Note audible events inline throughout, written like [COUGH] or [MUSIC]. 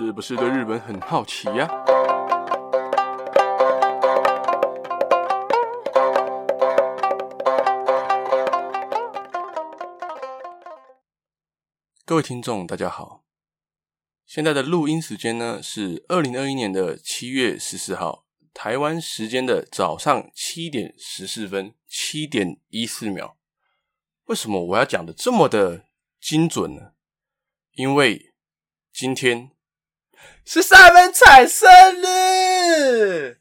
是不是對日本很好奇呀、啊？各位聽眾，大家好！現在的錄音時間呢，是二零二一年的七月十四號，台灣時間的早上七點十四分七點一四秒。為什麼我要講的這麼的精準呢？因為今天，是山本彩生日，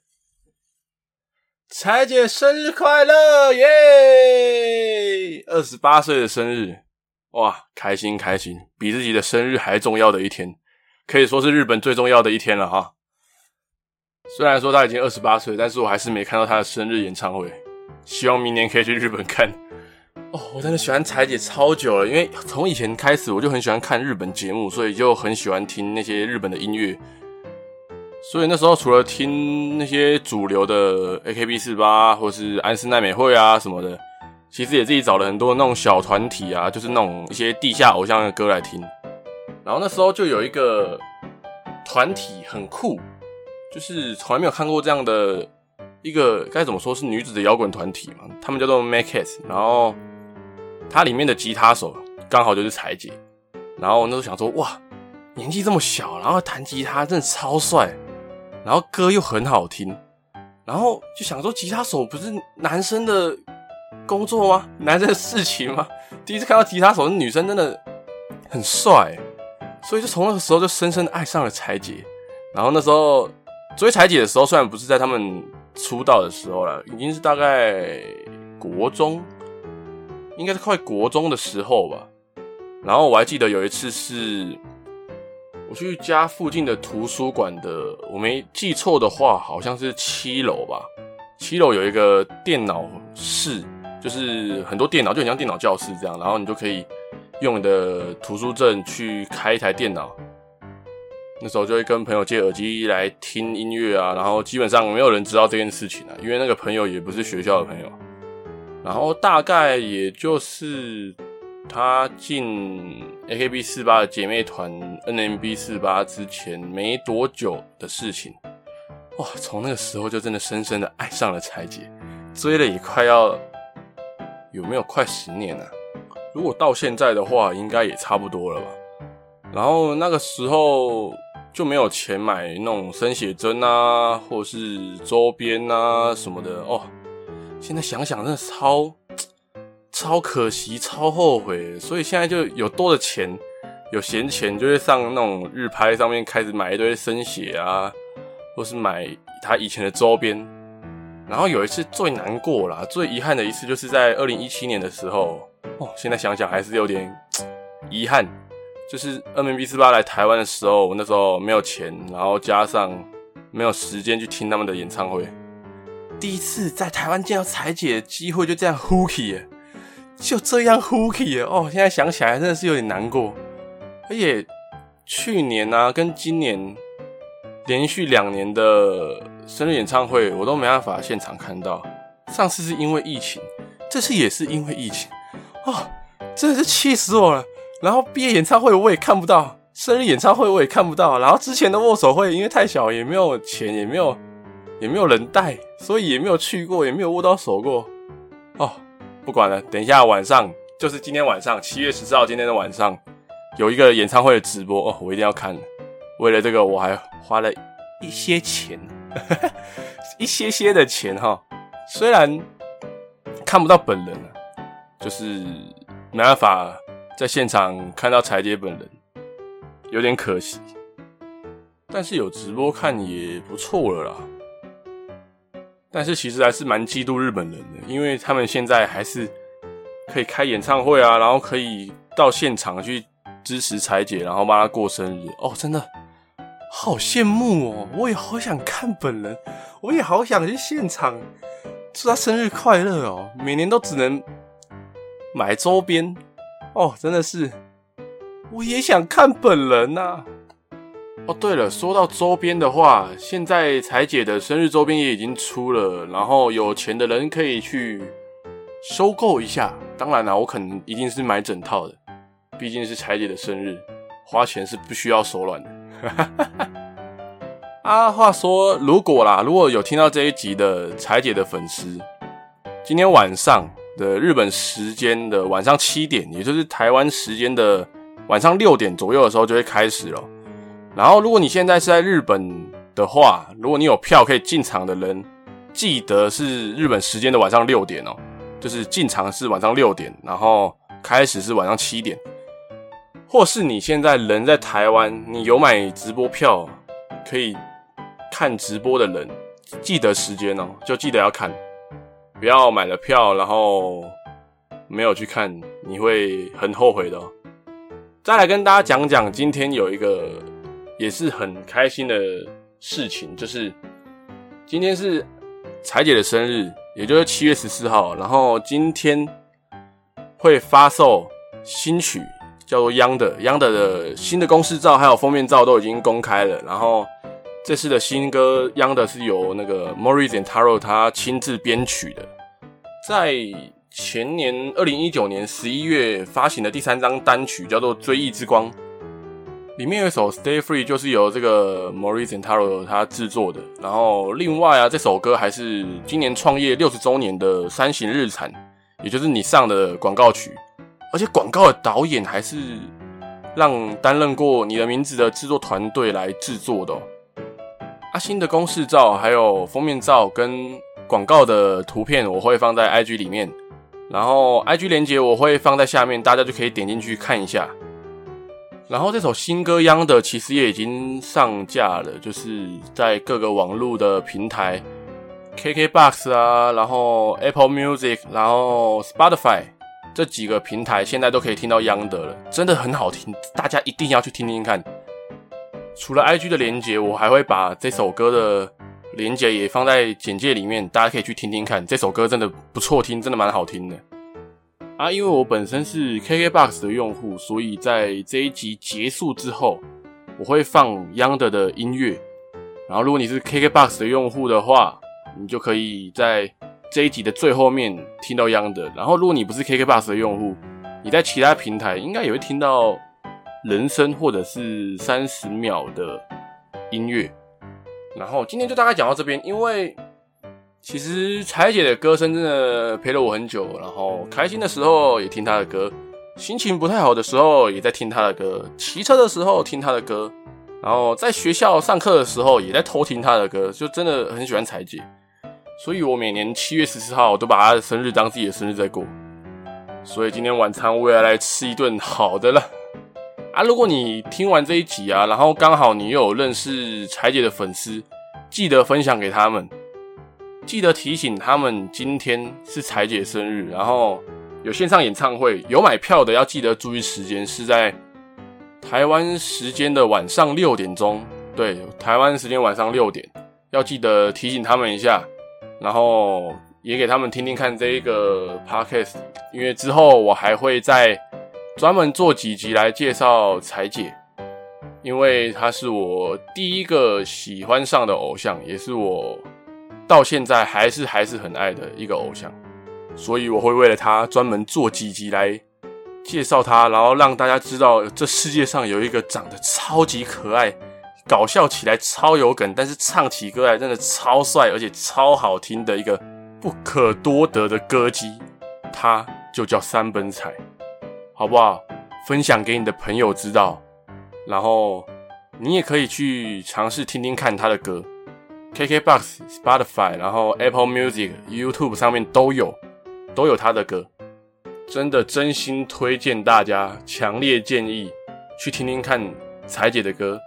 彩姐生日快樂耶！二十八歲的生日，哇，開心開心，比自己的生日還重要的一天，可以說是日本最重要的一天了哈。雖然說他已經二十八歲，但是我還是沒看到他的生日演唱會，希望明年可以去日本看。哦，oh, 我真的喜歡彩姐超久了，因為從以前開始我就很喜歡看日本節目，所以就很喜歡聽那些日本的音樂。所以那時候除了聽那些主流的 AKB48 或是安室奈美惠啊什麼的，其實也自己找了很多那種小團體啊，就是那種一些地下偶像的歌來聽。然後那時候就有一個團體很酷，就是從來沒有看過這樣的一個該怎麼說，是女子的搖滾團體嘛，他們叫做 Make It，然後。他裡面的吉他手剛好就是彩姐，然後那時候想說，哇，年紀這麼小，然後彈吉他真的超帥，然後歌又很好聽，然後就想說，吉他手不是男生的工作嗎？男生的事情嗎？第一次看到吉他手的女生，真的很帥欸，所以就從那個時候就深深的愛上了彩姐。然後那時候追彩姐的時候，雖然不是在他們出道的時候了，已經是大概國中。應該是快國中的時候吧，然後我還記得有一次是，我去家附近的圖書館的，我沒記錯的話，好像是七樓吧。七樓有一個電腦室，就是很多電腦，就很像電腦教室這樣。然後你就可以用你的圖書證去開一台電腦。那時候就會跟朋友借耳機來聽音樂啊，然後基本上沒有人知道這件事情啊，因為那個朋友也不是學校的朋友。然後大概也就是他進 AKB48 的姐妹團 NMB48 之前沒多久的事情，哇！從那個時候就真的深深的愛上了彩姐，追了也快要有沒有快十年了，啊？如果到現在的話，應該也差不多了吧？然後那個時候就沒有錢買那種生寫真啊，或是週邊啊什麼的哦，喔。現在想想，真的超超可惜，超後悔。所以現在就有多的錢，有閒錢，就會上那種日拍上面開始買一堆生寫啊，或是買他以前的周邊。然後有一次最難過啦，最遺憾的一次就是在二零一七年的時候。哦，現在想想還是有點遺憾，就是 NMB48 來台灣的時候，我那時候沒有錢，然後加上沒有時間去聽他們的演唱會。第一次在台灣見到彩姐的機會就這樣 hooky 耶，就這樣 hooky 耶哦！現在想起來真的是有點難過。而且去年啊跟今年連續兩年的生日演唱會我都沒辦法現場看到，上次是因為疫情，這次也是因為疫情哦，真的是氣死我了。然後畢業演唱會我也看不到，生日演唱會我也看不到，然後之前的握手會因為太小，也沒有錢也沒有。也沒有人帶，所以也沒有去過，也沒有握到手過。哦，不管了，等一下晚上就是今天晚上七月十四號今天的晚上有一個演唱會的直播，哦，我一定要看。為了這個我還花了一些錢， [LAUGHS] 一些些的錢哈。雖然看不到本人了，就是沒辦法在現場看到彩姐本人，有點可惜。但是有直播看也不錯了啦。但是其實還是蠻嫉妒日本人的，因為他們現在還是可以開演唱會啊，然後可以到現場去支持彩姐，然後幫他過生日哦，真的好羨慕哦！我也好想看本人，我也好想去現場祝他生日快樂哦！每年都只能買周邊哦，真的是，我也想看本人吶，啊。哦，oh, 對了，說到周邊的話，現在彩姐的生日周邊也已經出了，然後有錢的人可以去收購一下。當然啦，我可能一定是買整套的，畢竟是彩姐的生日，花錢是不需要手軟的。哈哈哈。啊，話說如果啦，如果有聽到這一集的彩姐的粉絲，今天晚上的日本時間的晚上七點，也就是台灣時間的晚上六點左右的時候，就會開始了。然後，如果你現在是在日本的話，如果你有票可以進場的人，記得是日本時間的晚上六點哦，就是進場是晚上六點，然後開始是晚上七點。或是你現在人在台灣，你有買直播票可以看直播的人，記得時間哦，就記得要看，不要買了票然後沒有去看，你會很後悔的哦。再來跟大家講講，今天有一個。也是很開心的事情，就是今天是彩姐的生日，也就是七月十四號。然後今天會發售新曲，叫做《yonder》。《yonder》的新的公式照還有封面照都已經公開了。然後這次的新歌《yonder》是由那個 Morris and Taro 他親自編曲的，在前年二零一九年十一月發行的第三張單曲叫做《追憶之光》。裡面有一首《Stay Free》，就是由這個 Maurice and Taro 他製作的。然後另外啊，這首歌還是今年創業六十周年的三型日產，也就是你上的廣告曲，而且廣告的導演還是讓擔任過你的名字的製作團隊來製作的。哦。阿新的公式照、還有封面照跟廣告的圖片，我會放在 IG 裡面，然後 IG 連結我會放在下面，大家就可以點進去看一下。然後這首新歌《yonder》其實也已經上架了，就是在各個網絡的平台，KKBOX 啊，然後 Apple Music，然後 Spotify 這幾個平台，現在都可以聽到《yonder》了，真的很好聽，大家一定要去聽聽看。除了 IG 的連接，我還會把這首歌的連接也放在簡介裡面，大家可以去聽聽看，這首歌真的不錯聽，聽真的蠻好聽的。啊，因為我本身是 KKBOX 的用戶，所以在這一集結束之後，我會放 yonder 的的音樂。然後，如果你是 KKBOX 的用戶的話，你就可以在這一集的最後面聽到 yonder。然後，如果你不是 KKBOX 的用戶，你在其他平台應該也會聽到人聲或者是三十秒的音樂。然後，今天就大概講到這邊，因為。其實彩姐的歌聲真的陪了我很久，然後開心的時候也聽她的歌，心情不太好的時候也在聽她的歌，騎車的時候聽她的歌，然後在學校上課的時候也在偷聽她的歌，就真的很喜歡彩姐，所以我每年七月十四號我都把她的生日當自己的生日在過，所以今天晚餐我也要來吃一頓好的了啊！如果你聽完這一集啊，然後剛好你又有認識彩姐的粉絲，記得分享給他們。記得提醒他們今天是彩姐生日，然後有線上演唱會，有買票的要記得注意時間，是在台灣時間的晚上六點鐘。對，台灣時間晚上六點，要記得提醒他們一下，然後也給他們聽聽看這一個 podcast，因為之後我還會再專門做幾集來介紹彩姐，因為她是我第一個喜歡上的偶像，也是我。到現在還是還是很愛的一個偶像，所以我會為了他專門做幾集來介紹他，然後讓大家知道這世界上有一個長得超級可愛、搞笑起來超有梗，但是唱起歌來真的超帥而且超好聽的一個不可多得的歌姬，他就叫山本彩，好不好？分享給你的朋友知道，然後你也可以去嘗試聽聽看他的歌。KKBox, Spotify，然後 Apple Music、YouTube 上面都有，都有他的歌，真的真心推薦大家，強烈建議去聽聽看彩姐的歌。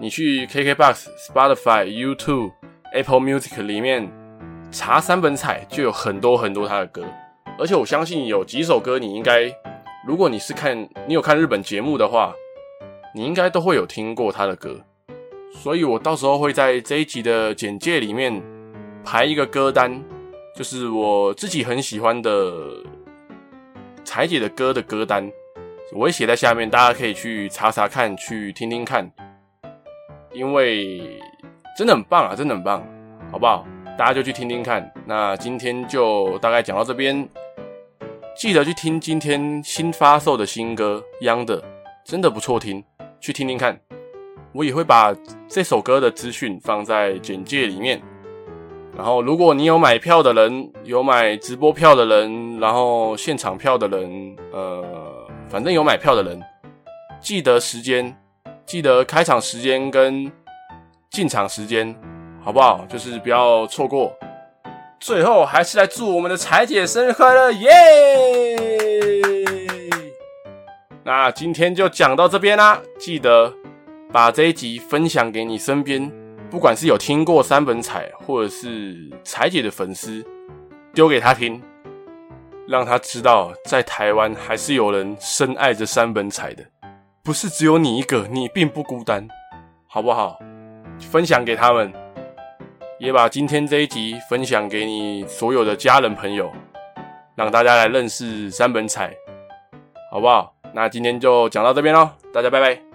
你去 KKBox、Spotify、YouTube、Apple Music 裡面查山本彩，就有很多很多他的歌。而且我相信有幾首歌，你應該，如果你是看你有看日本節目的話，你應該都會有聽過他的歌。所以，我到時候會在這一集的簡介裡面排一個歌單，就是我自己很喜歡的彩姐的歌的歌單，我會寫在下面，大家可以去查查看，去聽聽看，因為真的很棒啊，真的很棒，好不好？大家就去聽聽看。那今天就大概講到這邊，記得去聽今天新發售的新歌《yonder》的，真的不錯聽，去聽聽看。我也會把這首歌的資訊放在簡介裡面。然後，如果你有買票的人，有買直播票的人，然後現場票的人，呃，反正有買票的人，記得時間，記得開場時間跟進場時間，好不好？就是不要錯過。最後，還是來祝我們的彩姐生日快樂，耶、yeah!！ [LAUGHS] 那今天就講到這邊啦，啊，記得。把這一集分享給你身邊，不管是有聽過山本彩或者是彩姐的粉絲，丟給他聽，讓他知道在台灣還是有人深愛着山本彩的，不是只有你一個，你並不孤單，好不好？分享給他們，也把今天這一集分享給你所有的家人朋友，讓大家來認識山本彩，好不好？那今天就講到這邊嘍，大家拜拜。